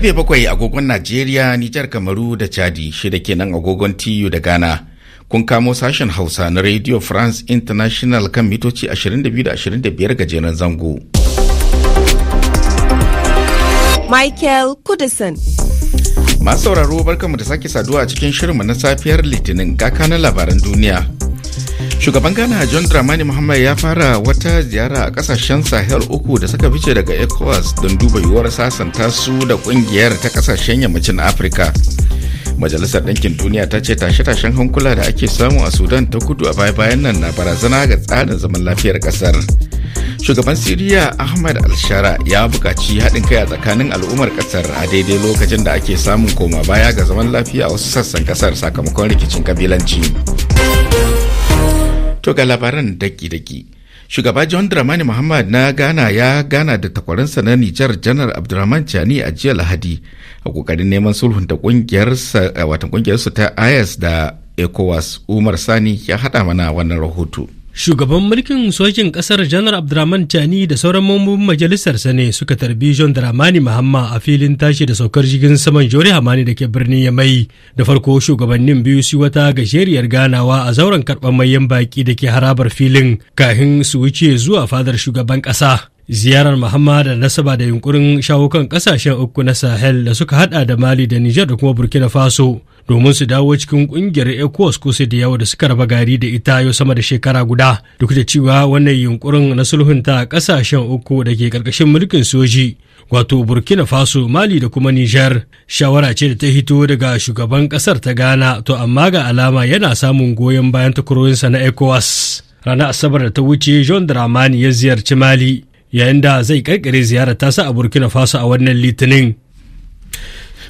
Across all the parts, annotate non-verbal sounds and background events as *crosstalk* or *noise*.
Karfe bakwai agogon Najeriya, Nijar Kamaru da Chadi shida kenan agogon TU da Ghana. Kun kamo sashen Hausa na Radio France International kan mitoci 22 da 25 gajeren zango. Michael Kudison. Masu sauraro barkanmu da sake saduwa cikin shirinmu na safiyar Litinin ga kanan labaran duniya. shugaban ghana john dramani muhammad ya fara wata ziyara a kasashen sahel uku da suka fice daga ecowas don duba yiwuwar sasanta su da kungiyar ta kasashen yammacin afirka majalisar ɗinkin duniya ta ce tashe-tashen hankula da ake samu a sudan ta kudu a baya-bayan nan na barazana ga tsarin zaman lafiyar ƙasar shugaban siriya ahmad alshara ya buƙaci haɗin kai a tsakanin al'ummar ƙasar a daidai lokacin da ake samun koma baya ga zaman lafiya a wasu sassan ƙasar sakamakon rikicin kabilanci. To ga labaran daki-daki. Shugaba John Dramani Muhammad na Ghana ya gana da takwaransa na Nijar Janar Abdurrahman Chani a jiya Lahadi a kokarin neman sulhun da kungiyarsa ta IS da ECOWAS Umar Sani ya haɗa mana wannan rahoto. Shugaban mulkin sojin ƙasar Janar Abdurrahman Tani da sauran mambobin majalisar ne suka tarbi John Dramani Mahamma a filin tashi da saukar jirgin saman Jori Hamani da ke birnin Yamai. Da farko shugabannin biyu su wata gajeriyar ganawa a zauren karɓar mayan baƙi da ke harabar filin kahin su wuce zuwa fadar shugaban ƙasa. ziyarar mahamma da nasaba da yunkurin shawo kan kasashen uku na sahel da suka hada da mali da niger da kuma burkina faso domin su dawo cikin kungiyar ecowas kusa da yawa da suka raba gari da ita yau sama da shekara guda duk da cewa wannan yunkurin na sulhunta kasashen uku da ke karkashin mulkin soji wato burkina faso mali da kuma nijar shawara ce da ta hito daga shugaban kasar ta ghana to amma ga alama yana samun goyon bayan takurorinsa na ecowas ranar asabar da ta wuce john dramani ya ziyarci mali yayin da zai karkare ziyarar tasa a burkina faso a wannan litinin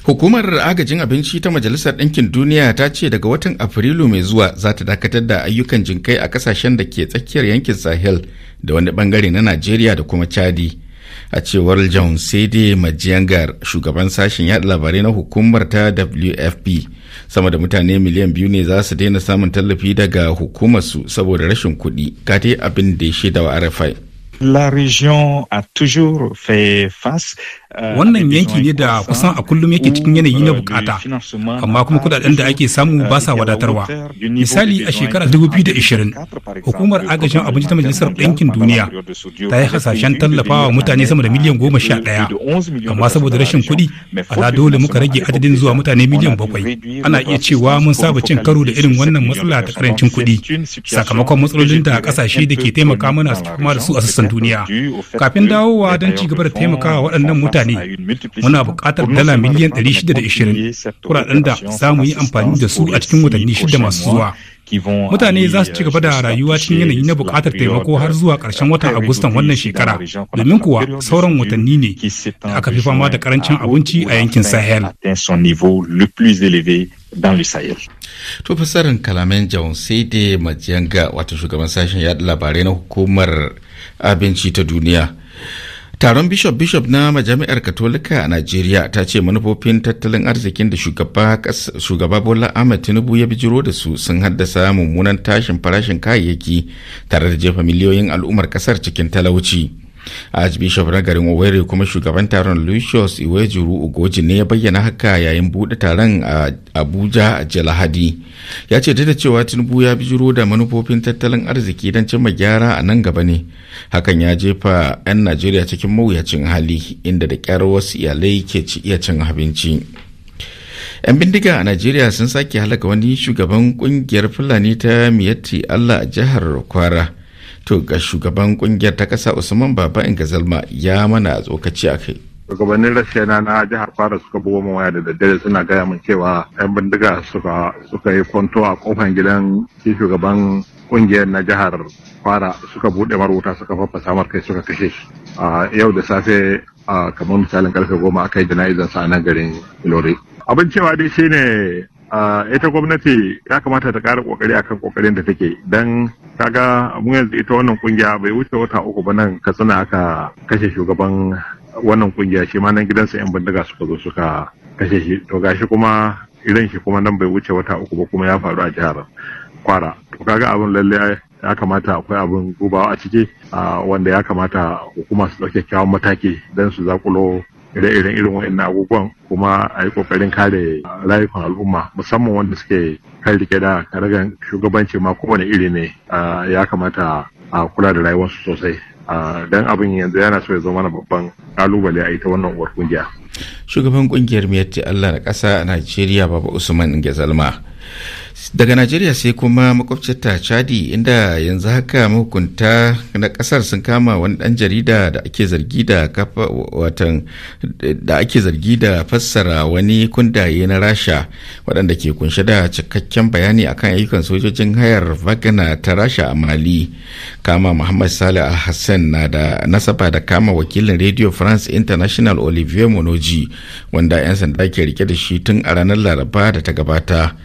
Hukumar agajin abinci ta Majalisar Ɗinkin Duniya ta ce daga watan Afrilu mai zuwa za ta dakatar da ayyukan jinkai a kasashen da ke tsakiyar yankin Sahel da wani bangare na Najeriya da kuma Chadi. A cewar John Sede Majiyangar, shugaban sashen yaɗa labarai na hukumar ta WFP, sama da mutane miliyan biyu ne za su daina samun tallafi daga hukumarsu saboda rashin kuɗi, kate abin da ya shaida wa RFI. Euh, wannan yanki ne da kusan a kullum yake cikin yanayi na euh, bukata amma kuma kudaden da ake samu euh, ba sa wadatarwa misali a shekarar 2020 hukumar agajin abinci ta majalisar ɗinkin duniya ta yi hasashen tallafawa mutane sama da miliyan goma sha ɗaya amma saboda rashin kuɗi ala dole muka rage adadin zuwa mutane miliyan bakwai ana iya cewa mun saba cin karo da irin wannan matsala ta karancin kuɗi sakamakon matsalolin da ƙasashe da ke taimaka mana su kuma da su a sassan duniya kafin dawowa don ci gaba da taimakawa waɗannan mutane muna buƙatar dala miliyan 620 kuraɗen da za mu yi amfani da su a cikin watanni shida masu zuwa mutane za su ci gaba da rayuwa cikin yanayi na buƙatar taimako har zuwa ƙarshen watan agustan wannan shekara domin kuwa sauran watanni ne da aka fi fama da karancin abinci a yankin sahel to fasarin kalamen jaun sai dai majiyanga wato shugaban sashen yaɗa labarai na hukumar abinci ta duniya taron bishop bishop na majami'ar katolika a najeriya ta ce manufofin tattalin arzikin da shugaba bola ahmed tinubu ya bijiro da su sun haddasa mummunan tashin farashin kayayyaki tare da jefa miliyoyin al'ummar kasar cikin talauci archbishop na garin owerri kuma shugaban taron lucius iwejuru ugoji ne ya bayyana haka yayin buɗe taron a abuja a jalahadi lahadi ya ce da cewa tinubu ya bijiro da manufofin tattalin arziki don cimma gyara a nan gaba ne hakan ya jefa 'yan najeriya cikin mawuyacin hali inda da kyar wasu iyalai ke iya cin abinci 'yan bindiga a najeriya sun sake halaka wani shugaban kungiyar fulani ta miyatti allah a jihar kwara to ga shugaban kungiyar ta kasa usman baba in gazalma ya mana tsokaci a kai shugabannin rashiya na jihar fara suka buga mu waya da daddare suna gaya min cewa yan bindiga suka suka yi kwanto a kofan gidan shugaban kungiyar na jihar fara suka bude wuta suka faffasa mar kai suka kashe shi a yau da safe a kamar misalin karfe goma aka yi jana'izar sa a nan garin ilori abin cewa dai shine ita gwamnati ya kamata ta ƙara ƙoƙari akan ƙoƙarin da take don kaga mun yanzu ita wannan kungiya bai wuce wata uku ba nan ka katsina aka kashe shugaban wannan kungiya shi ma nan gidansa yan bindiga suka zo suka kashe shi to gashi kuma irin shi kuma nan bai wuce wata uku ba kuma ya faru a jihar kwara to kaga abin lalle ya kamata akwai abin gubawa a ciki wanda ya kamata hukuma su ɗauke kyawun mataki don su zakulo ire-iren irin wa'annan abubuwan kuma a yi ƙoƙarin kare rayukan al'umma musamman wanda suke kan rike da karagan shugabanci ma kowane iri ne ya kamata a kula da rayuwarsu sosai don abin yanzu yana so ya zama na babban kalubale a ita wannan uwar kungiya. Shugaban kungiyar Miyatti Allah na ƙasa a Najeriya Baba Usman Ingezalma. daga najeriya sai kuma ta chadi inda yanzu haka mahukunta na kasar sun kama wani dan jarida da ake zargi da kafa watan da ake zargi da fassara wani kundaye na rasha waɗanda ke kunshe da cikakken bayani akan ayyukan sojojin hayar vagana ta rasha a mali kama muhammad salih al hassan na da nasaba da kama wakilin radio france international olivier monoji wanda 'yan sanda ke rike da shi tun a ranar laraba da ta gabata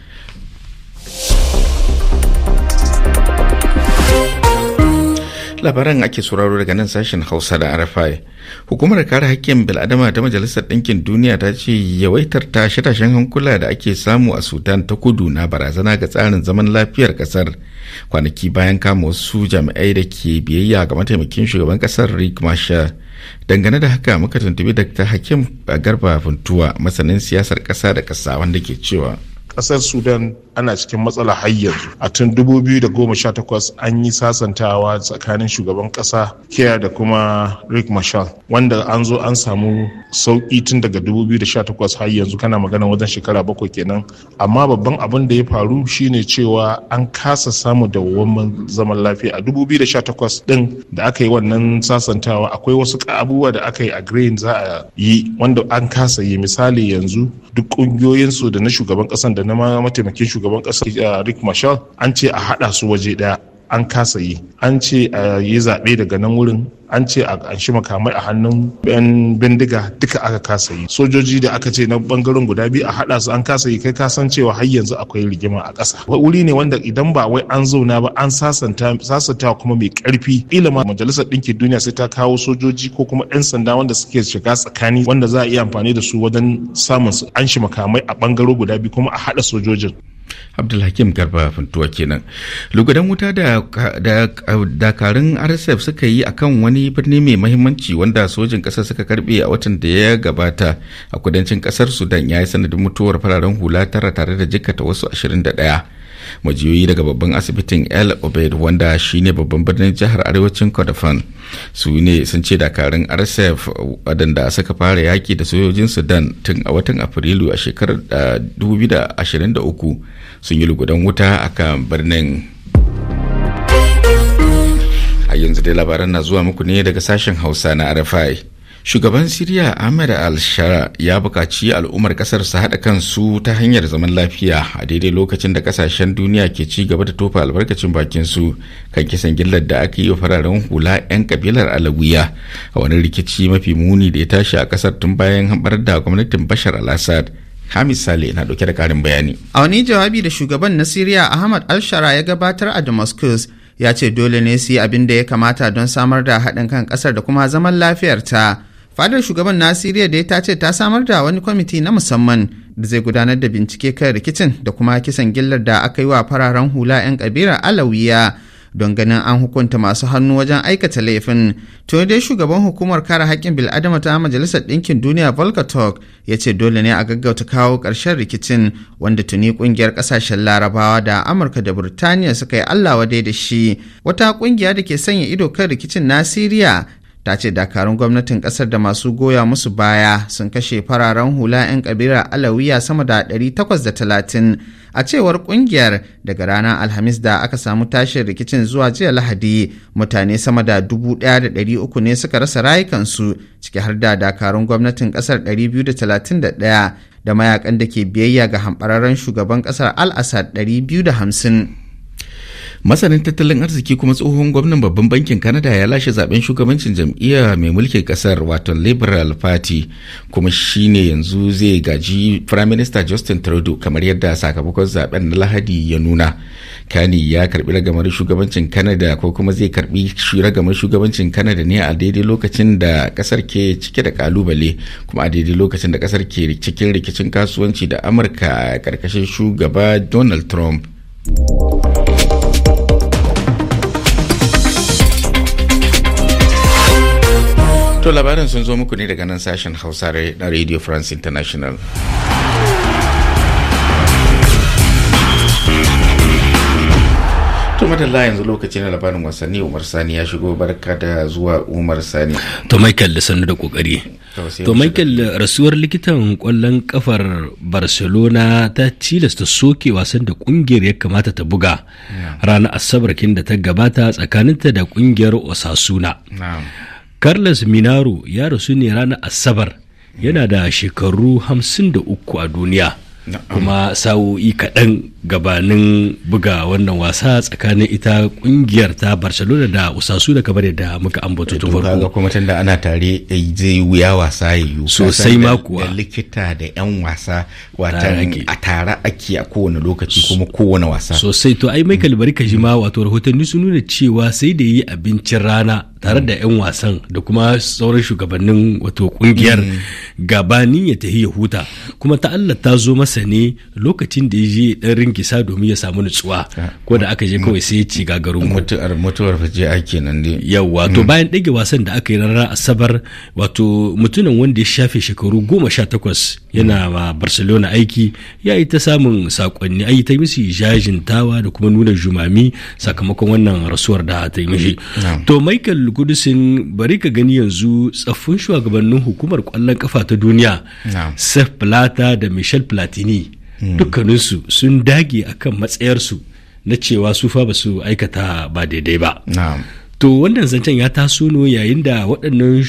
labaran ake sauraro daga nan sashen hausa da arafai hukumar kare hakkin bil'adama ta majalisar ɗinkin duniya ta ce yawaitar tashe-tashen hankula da ake samu a sudan ta kudu na barazana ga tsarin zaman lafiyar ƙasar kwanaki bayan kama wasu jami'ai da ke biyayya ga mataimakin shugaban ƙasar rick marshall dangane da haka muka tuntubi dr hakim garba funtuwa masanin siyasar ƙasa da ƙasa wanda ke cewa kasar sudan ana cikin matsala har yanzu a tun 2018 an yi sasantawa tsakanin shugaban kasa kiya da kuma rick marshall wanda an zo an samu sauki tun daga 2018 har yanzu kana magana wajen shekara bakwai kenan amma babban abin da ya faru shine cewa an kasa samu dawwammamin zaman lafiya a 2018 din da aka yi wannan sasantawa akwai wasu abubuwa da aka yi a green za a yi wanda an kasa yi misali yanzu duk ƙungiyoyinsu da na shugaban ƙasan da na mataimakin shugaban shugaban kasa uh, rick marshall an ce a haɗa su waje ɗaya an kasa yi an ce a yi zaɓe daga nan wurin an ce a ƙanshi makamai a hannun 'yan bindiga duka aka kasa yi sojoji da aka ce na bangaren guda biyu a haɗa su an kasa yi kai kasan cewa har yanzu akwai rigima a ƙasa wuri ne wanda idan ba wai an zauna ba an sasanta kuma mai ƙarfi ila ma majalisar ɗinkin duniya sai ta kawo sojoji ko kuma 'yan sanda wanda suke shiga tsakani wanda za a iya amfani da su wajen samun su an shi makamai a bangaro guda biyu kuma a haɗa sojojin abdulhakim garba fintuwa kenan lugudan wuta da dakarun rsf suka yi akan wani birni mai mahimmanci wanda sojin kasar suka karbe a watan da ya gabata a kudancin kasar sudan ya yi sanadin mutuwar fararen hula tara tare da jikata wasu 21 majiyoyi daga babban asibitin el obed wanda shine babban birnin jihar arewacin kodafan su ne sun ce dakarun rsf wadanda suka fara yaki da sojojin sudan tun a watan afrilu a shekarar 2023 sun yi lugudan wuta a kan birnin a yanzu dai labaran na zuwa muku ne daga sashen hausa na rfi shugaban siriya ahmed al-shara ya bukaci al'ummar ƙasar su haɗa kansu ta hanyar zaman lafiya a daidai lokacin da ƙasashen duniya ke ci gaba da tofa albarkacin bakin su kan kisan gillar da aka yi wa fararen hula 'yan kabilar alawiya a wani rikici mafi muni da ya tashi a ƙasar tun bayan hambar da gwamnatin bashar al-assad Hamis Saleh na dauke da karin bayani. A wani jawabi da shugaban na Siriya ahmed Al-Shara ya gabatar a Damascus ya ce dole ne su yi abin da ya kamata don samar da haɗin kan ƙasar da kuma zaman lafiyarta fadar shugaban nasiriya da ta ce ta samar da wani kwamiti na musamman da zai gudanar da bincike kan rikicin da kuma kisan gillar da aka yi wa fararen hula 'yan kabira alawiya don ganin an hukunta masu hannu wajen aikata laifin to dai shugaban hukumar kare haƙƙin bil'adama ta majalisar ɗinkin duniya volker Talk ya ce dole ne a gaggauta kawo ƙarshen rikicin wanda tuni ƙungiyar ƙasashen larabawa da amurka da burtaniya suka yi allah wadai da shi wata ƙungiya da ke sanya ido kan rikicin na siriya ta ce dakarun gwamnatin kasar da masu goya musu baya sun kashe fararen hula 'yan kabira alawiya sama da 830 a cewar kungiyar daga ranar alhamis da aka samu tashin rikicin zuwa jiya lahadi mutane sama da 1,300 ne suka rasa rayukansu ciki har da dakarun gwamnatin kasar 231 da mayakan da ke biyayya ga hambararren shugaban kasar al-assad 250 masanin tattalin arziki kuma tsohon gwamnan babban bankin kanada ya lashe zaben shugabancin jam'iyya mai mulkin kasar wato liberal party kuma shine yanzu zai gaji prime minister justin trudeau kamar yadda sakamakon zaben na lahadi ya nuna kani ya karbi ragamar shugabancin canada ko kuma zai karbi ragamar shugabancin kanada ne a daidai lokacin da kasar ke cike da kalubale kuma a daidai lokacin da kasar ke cikin rikicin kasuwanci da amurka a karkashin shugaba donald trump To labarin sun zo muku ne daga nan sashen Hausa na Radio France International. to madalla yanzu lokaci na labarin wasanni umar sani ya shigo barka da zuwa umar sani to michael da sannu da kokari to michael rasuwar likitan kwallon kafar barcelona ta tilasta soke wasan da kungiyar ya kamata ta buga ranar asabar kin da ta gabata tsakaninta da kungiyar osasuna carlos minaro ya rasu ne ranar asabar yana da shekaru 53 a duniya kuma sa'o'i kaɗan gabanin buga wannan wasa tsakanin ita kungiyar ta barcelona da usasu da kamar da muka ambato tun farko ga kuma tunda ana tare eh, zai wuya wasa ya yi sosai ma da likita da yan wasa watan a tare ake a kowane lokaci kuma kowane wasa sosai to ai mai bari ka ma wato rahotanni sun nuna cewa sai da yi abincin rana tare da yan wasan da kuma sauran shugabannin wato kungiyar mm. gabanin ya tafi ya huta kuma ta Allah ta zo masa ne lokacin da ya je dan kisa domin ya samu nutsuwa ko da aka je kawai sai ya ci gagarun mutuwar mutuwar fice ake nan dai yawa to mm. bayan ɗage wasan da aka yi ranar asabar wato mutumin wanda ya shafe shekaru goma sha takwas yana mm. ma barcelona aiki ya yi ta samun sakonni ayi ta musu jajintawa da kuma nuna jumami sakamakon wannan rasuwar da ta yi mishi mm. to michael gudusin bari ka gani yanzu tsaffin shugabannin hukumar kwallon kafa ta duniya sef plata da michel platini Hmm. dukkaninsu sun dage a kan matsayarsu na cewa su fa ba su aikata ba daidai ba to wannan zancen ya taso ne yayin da waɗannan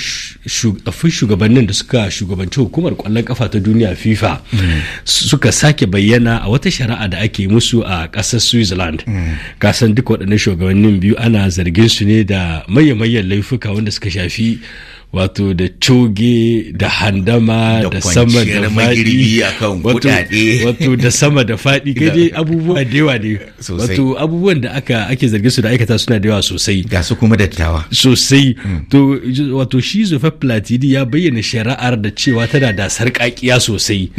tsaffin shugabannin da suka shugabanci hukumar kwallon ƙafa ta duniya fifa hmm. suka sake bayyana a wata shari'a da ake musu a ƙasar switzerland hmm. kasan duka waɗannan shugabannin biyu ana zargin su ne da maye-mayen laifuka wanda suka shafi wato da coge da handama da sama da faɗi wato da sama da faɗi gaje *laughs* abubuwa da yawa ne wato abubuwan da aka ake zargin su da aikata suna da yawa sosai ga su kuma tawa. sosai hmm. to wato shi zufa platidi ya bayyana shari'ar da cewa tana da sarƙaƙiya sosai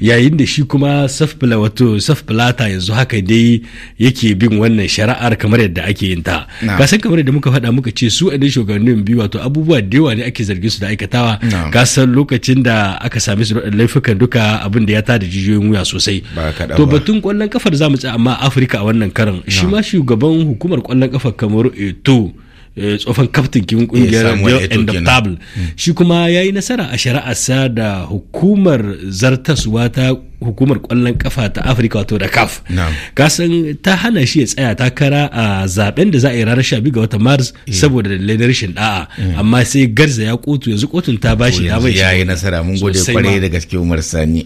yayin da shi kuma safpla wato safplata yanzu haka dai yake bin wannan shari'ar kamar yadda ake yin ta san kamar yadda muka faɗa muka ce su a shugabannin biyu wato abubuwa da yawa ne ake ake zargin su da aikatawa ka san lokacin da aka sami su da laifukan duka abin da ya tada jijiyoyin wuya sosai to batun kwallon kafar zamu ci amma Afirka a wannan karan. shi ma shugaban hukumar kwallon kafar Kamaru Eto Eh, tsofan kaftin kin kungiyar eh, endoptable hmm. shi kuma ya yi nasara a shari'arsa da hukumar zartaswa ta hukumar kwallon kafa ta afirka wato da kaf kasan ta hana shi ya tsaya takara a zaben da za a yi ranar 12 ga watan mars eh. saboda dalilai rashin da'a hmm. amma sai garza ya kotu yanzu kotun ta bashi ya bai ya yi nasara mun gode kwarai da gaske umar sani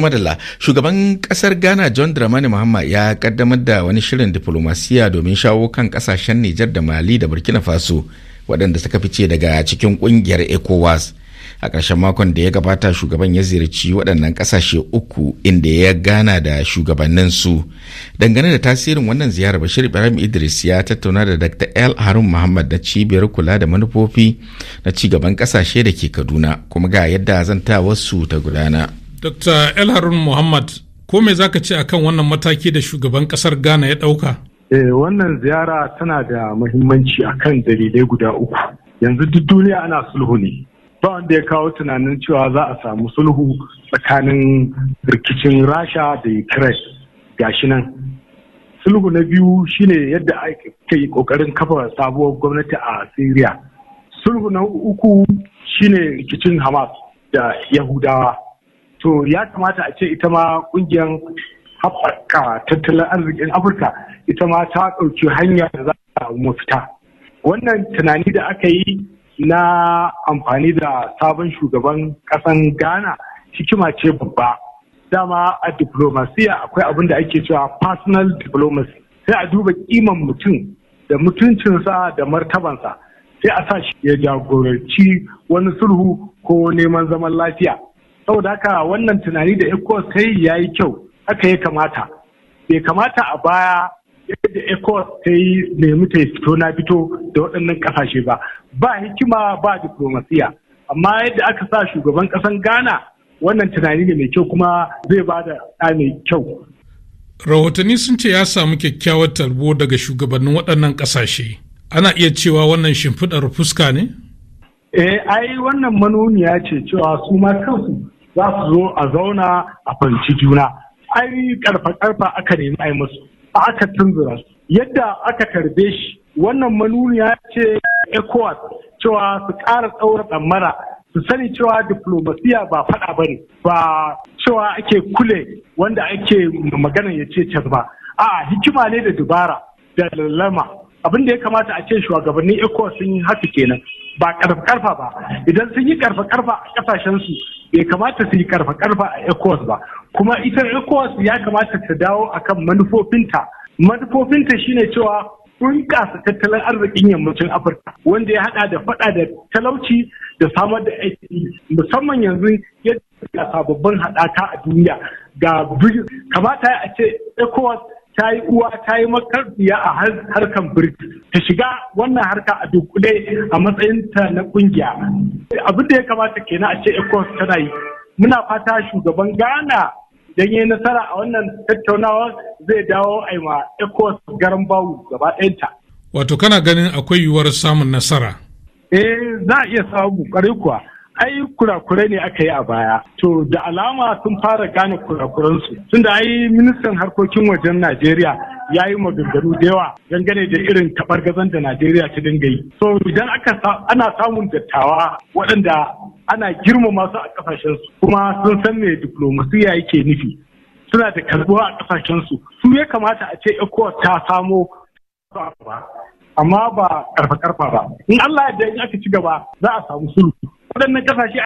madalla, shugaban kasar Ghana John Dramani Mahama ya kaddamar da wani shirin diplomasiya domin shawo kan kasashen Nijar da Mali da Burkina Faso waɗanda suka fice daga cikin ƙungiyar ECOWAS. A ƙarshen makon da ya gabata shugaban ya ziyarci waɗannan ƙasashe uku inda ya gana da shugabannin su. Dangane da tasirin wannan ziyarar Bashir Ibrahim Idris ya tattauna da Dr. l Harun Muhammad na cibiyar kula da manufofi na cigaban ƙasashe da ke Kaduna kuma ga yadda zanta wasu ta gudana. Dr. El Harun Muhammad, ko me zaka ce akan wannan mataki da shugaban kasar Ghana ya ɗauka? Eh, wannan ziyara tana da muhimmanci akan dalilai guda uku. Yanzu duk duniya ana sulhu ne. Ba wanda ya kawo tunanin cewa za a samu sulhu tsakanin rikicin Rasha da Ukraine gashi nan. Sulhu na biyu shine yadda ake kokarin kafa sabuwar gwamnati a Syria. Sulhu na uku shine rikicin Hamas da Yahudawa. to ya kamata a ce ita ma kungiyar haɓaka tattalin arzikin afirka ita ma ta ɗauki hanya da za ta mafita wannan tunani da aka yi na amfani da sabon shugaban ƙasan ghana hikima ce babba dama a diplomasiya akwai abin da ake cewa personal diplomacy sai a duba kiman mutum da mutuncinsa da martabansa sai a sa shi ya jagoranci wani sulhu ko neman zaman lafiya saboda haka wannan tunani da ecowas ta yi ya yi kyau aka ya kamata bai kamata a baya yadda Ecos ta yi nemi ta fito na fito da waɗannan ƙasashe ba ba hikima ba diplomasiya amma yadda aka sa shugaban ƙasan ghana wannan tunani ne mai kyau kuma zai ba da ɗa mai kyau rahotanni sun ce ya samu kyakkyawar tarbo daga shugabannin waɗannan ƙasashe ana iya cewa wannan shimfiɗar fuska ne eh ai wannan manuniya ce cewa su ma kansu za su zo a zauna a fanci juna ai karfa karfa aka nemi ai musu aka tunzura su yadda aka karbe shi wannan manuniya ce ecowas cewa su ƙara tsawon tsammara su sani cewa diplomasiya ba faɗa ba ne ba cewa ake kule wanda ake magana ya ce ba a'a hikima ne da dubara da lalama abin da ya kamata a ce shugabannin ECOWAS sun yi haka kenan ba karfa karfa ba idan sun yi karfa karfa a kasashen su bai kamata su yi karfa karfa a ECOWAS ba kuma ita ECOWAS ya kamata ta dawo akan manufofinta manufofinta shine cewa bunƙasa tattalin arzikin yammacin afirka wanda ya hada da fada da talauci da samar da aiki musamman yanzu yadda sababbin haɗaka a duniya ga kamata a ce ecowas ta yi uwa ta yi makarfiya a harkan birki ta shiga wannan harka a dukkule a matsayinta na kungiya abin da ya kamata kenan a ce ecos tana yi muna fata shugaban ghana don yi nasara a wannan tattaunawa zai dawo a ma ecos garan bawu gaba ɗayanta wato kana ganin akwai yiwuwar samun nasara eh za a iya samu kwarai kuwa ai kurakurai ne aka yi a baya to da alama sun fara gane kurakuransu tunda ai ministan harkokin wajen najeriya ya yi maganganu da yawa dangane da irin gazan da najeriya ta dinga yi so idan aka ana samun dattawa waɗanda ana girmama su a ƙasashensu kuma sun san me diplomasiya yake nufi suna da karbuwa a ƙasashensu su ya kamata a ce ecowas ta samo amma ba karfa karfa ba in allah ya in aka ci gaba za a samu sulhu لما شافها شيء